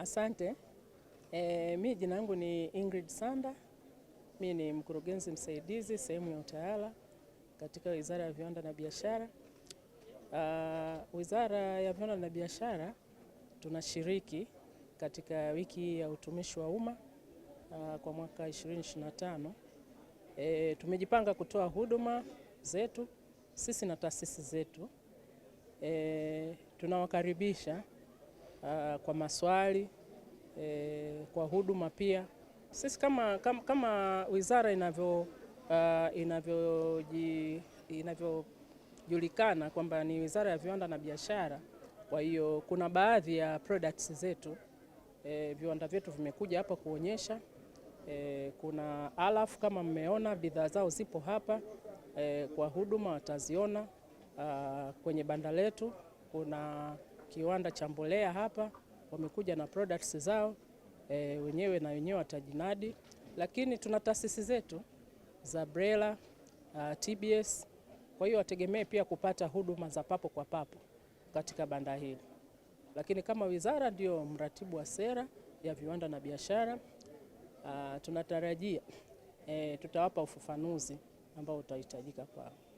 Asante. E, mi jina langu ni Ingrid Sanda. Mi ni mkurugenzi msaidizi sehemu ya utawala katika Wizara ya Viwanda na Biashara. Uh, Wizara ya Viwanda na Biashara tunashiriki katika wiki ya utumishi wa umma uh, kwa mwaka 2025. E, eh, tumejipanga kutoa huduma zetu sisi na taasisi zetu. E, tunawakaribisha uh, kwa maswali eh, kwa huduma pia. Sisi kama, kama, kama wizara inavyo uh, eh, inavyoji inavyojulikana kwamba ni wizara ya viwanda na biashara. Kwa hiyo kuna baadhi ya products zetu e, viwanda vyetu vimekuja hapa kuonyesha e, kuna alafu kama mmeona bidhaa zao zipo hapa e, kwa huduma wataziona. Ah, kwenye banda letu kuna kiwanda cha mbolea hapa, wamekuja na products zao e, wenyewe na wenyewe watajinadi, lakini tuna taasisi zetu za BRELA, uh, TBS. Kwa hiyo wategemee pia kupata huduma za papo kwa papo katika banda hili, lakini kama wizara ndio mratibu wa sera ya viwanda na biashara uh, tunatarajia e, tutawapa ufafanuzi ambao utahitajika kwao.